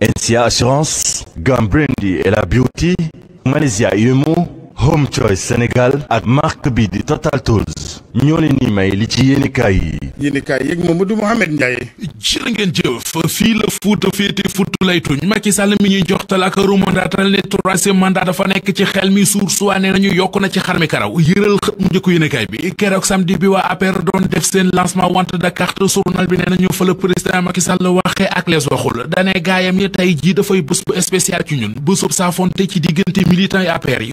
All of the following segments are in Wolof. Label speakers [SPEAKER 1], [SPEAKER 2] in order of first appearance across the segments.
[SPEAKER 1] NCA Assurance Gambrendi et la Beauty Malaysia Yumo Home Choice Sénégal ak marque bi di Total Tools Dias ñoo leen ni may li ci yéenekaay yi yéenekaay yeeg Mamadou Mouhamed Ndiaye jërë ngeen jëf fii la fuuta féete futtu laytuñ Macky Sall mi ñuy joxtal ak remondaatal ne troisième mandat dafa nekk ci xel mi suur suwaa ne nañu yokk na ci xar karaw yëral xët mu njëkk yéenekaay bi keroog samedi bi waa APR doon def seen lancement wante de carte journal bi ne nañu fa la président Macky Sall ak les waxul dane gaayam ni tey jii dafay bés bu spécial ci ñun bésub saafonte a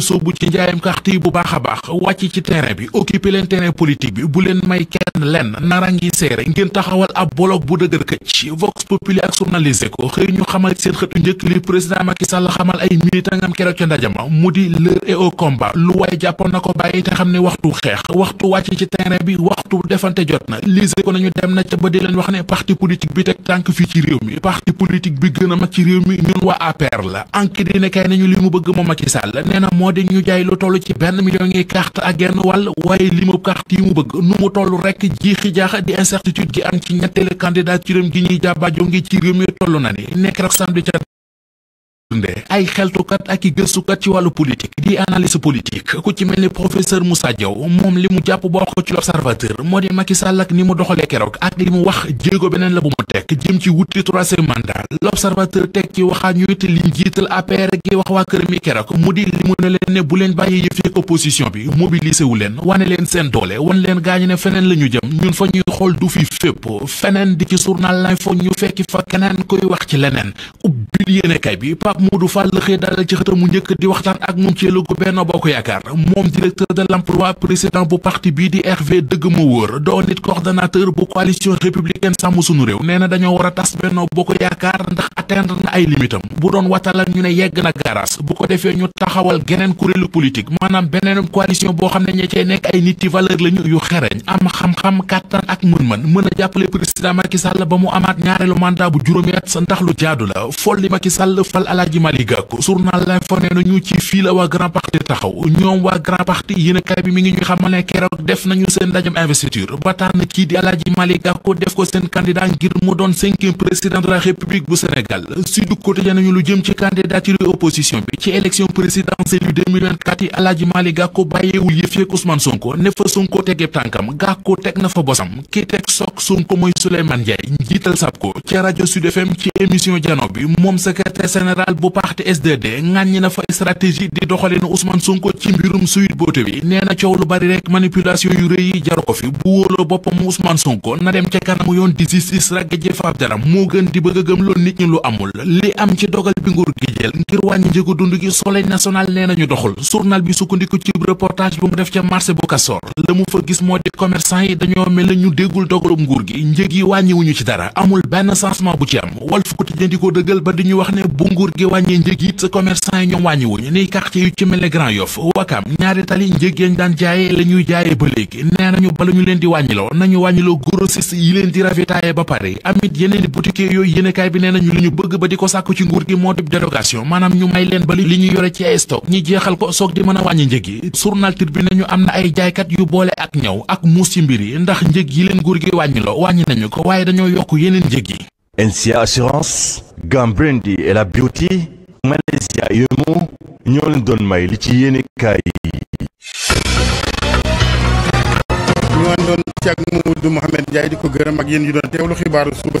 [SPEAKER 1] sóobu ci njaayam carte yi bu baax wàcc ci terrain bi occupé leen terrain politique bi bu leen may kenn lenn nara ngi seere ngeen taxawal ab bloc bu dëgër këcc vox populi ak journaliste ko xëy ñu xamal seen xëtu njëkk li président Macky Sall xamal ay militangam keroog ca ndajama mu di l'heure est au combat lu waaye jàppoon na ko bàyyi te xam ne waxtu xeex waxtu wàcc ci terrain bi waxtu defante jot na lise ko nañu dem na ca ba di leen wax ne parti politique bi teg tànk fii ci réew mi parti politique a carte ak genn wàll waaye limu carte yi mu bëgg nu mu toll rek jiixi jaaxa di incertitude gi am ci ñetteelu candidature am gi ñuy jàbba jonge ci réew mi toll na ni nekk rek samedi ca ay xeltukat ak i gëstukat ci wàllu politique di analyse politique ku ci mel ni professeur Moussa moom li mu jàpp ba ko ci l'observateur moo di Macky ak ni mu doxalee keroog ak li mu wax jéego beneen la bu mu teg jëm ci wuti troisième mandat l'observateur teg ci waxaa ñuy te liñ jiital APR gi wax waa këram keroog mu di li mu ne leen ne bu leen bàyyi yëf yeeg bi mobilisé leen wane leen seen doole wan gaañu ne feneen la jëm ñun Modou Fall la xëy dalal ci xëtam mu njëkk di waxtaan ak moom ci ëllëgu Benno Bokk Yaakaar moom directeur de l'emploi président bu parti bi di RV dëgg ma wóor doon nit coordonnateur bu coalition républicaine sàmm sunu réew nee na dañoo war a tas Benno Bokk Yaakaar ndax atteindre na ay limitam bu doon watalan ñu ne yegg na garas bu ko defee ñu taxawal geneen kuréelu politique maanaam beneen coalition boo xam ne ña cay nekk ay nit yi valeur lañu yu xereñ am xam-xam kàttan ak mën-mën mën a jàppale président Macky Sall ba mu amaat ñaareelu mandat bu juróomi at ndax lu jaadu la fol li Macky Sall fal Alaaji Malick Gakou journal l'info nee nañu ci fii la waa grand parti taxaw ñoom waa grand parti yéen a kaay bi mi ngi ñuy xamal ne keroog def nañu seen ndajam investiture ba tax na kii di Alaaji ko seen candidat ngir mu doon cinquième président de la république bu Sénégal nañu lu jëm ci candidature opposition bi ci élection présidentielle yu 2024 yi Alaaji Maali Gàkko bàyyeewul yëf yeeg Ousmane Sonko ne fa Sonko tegee tànkam Gàkko teg na fa bosam ki teg soog Sonko mooy Souleymane Ndiaye njiital SAPCO ci rajo Sud FM ci émission jano bi moom secrétaire général bu parti SDD ŋàññi na fa stratégie di doxalinu Ousmane Sonko ci mbirum Sweet Beauté bi nee na coow lu bari rek manipulation yu rëy yi jaru ko fi bu wóoloo boppam Ousmane Sonko na dem ca kanamu yoon di justice a gëm dogal bi nguur gi jël ngir wàññi njëgu dund gi soleil national nee nañu doxul journal bi sukkandiku ci reportage bu mu def ca marché bu Kasoor la mu fa gis moo di commerçant yi dañoo mel na déggul dogalum nguur gi njëg yi wàññiwuñu ci dara amul benn changement bu ci am Walf Quotidien di ko dëggal ba di wax ne bu nguur gi wàññee njëg yi sa commerçant yi ñoom wàññiwuñ ni quartier yu ci mel Grand Yoff Wakam ñaari tali njëg yañ daan jaaye la nguur gi moo di dérogation maanaam ñu may leen li ñu yore ci ay stock ñi jeexal ko soog di mën a wàññi njëg yi journal Tribune bi nañu am na ay jaaykat yu boole ak ñëw ak muus ci mbir yi ndax njëg yi leen guur gi wàññiloo wàññi nañu ko waaye dañoo yokk yeneen njëg yi NCA Assurance Gambrendi et la Beauty Malaysia Yomo ñoo leen doon may li ci yéene kaay ñu àndoon ci ak Mamadou Mouhamed Ndiaye di ko gërëm ak yéen yu doon teewlu xibaaru suba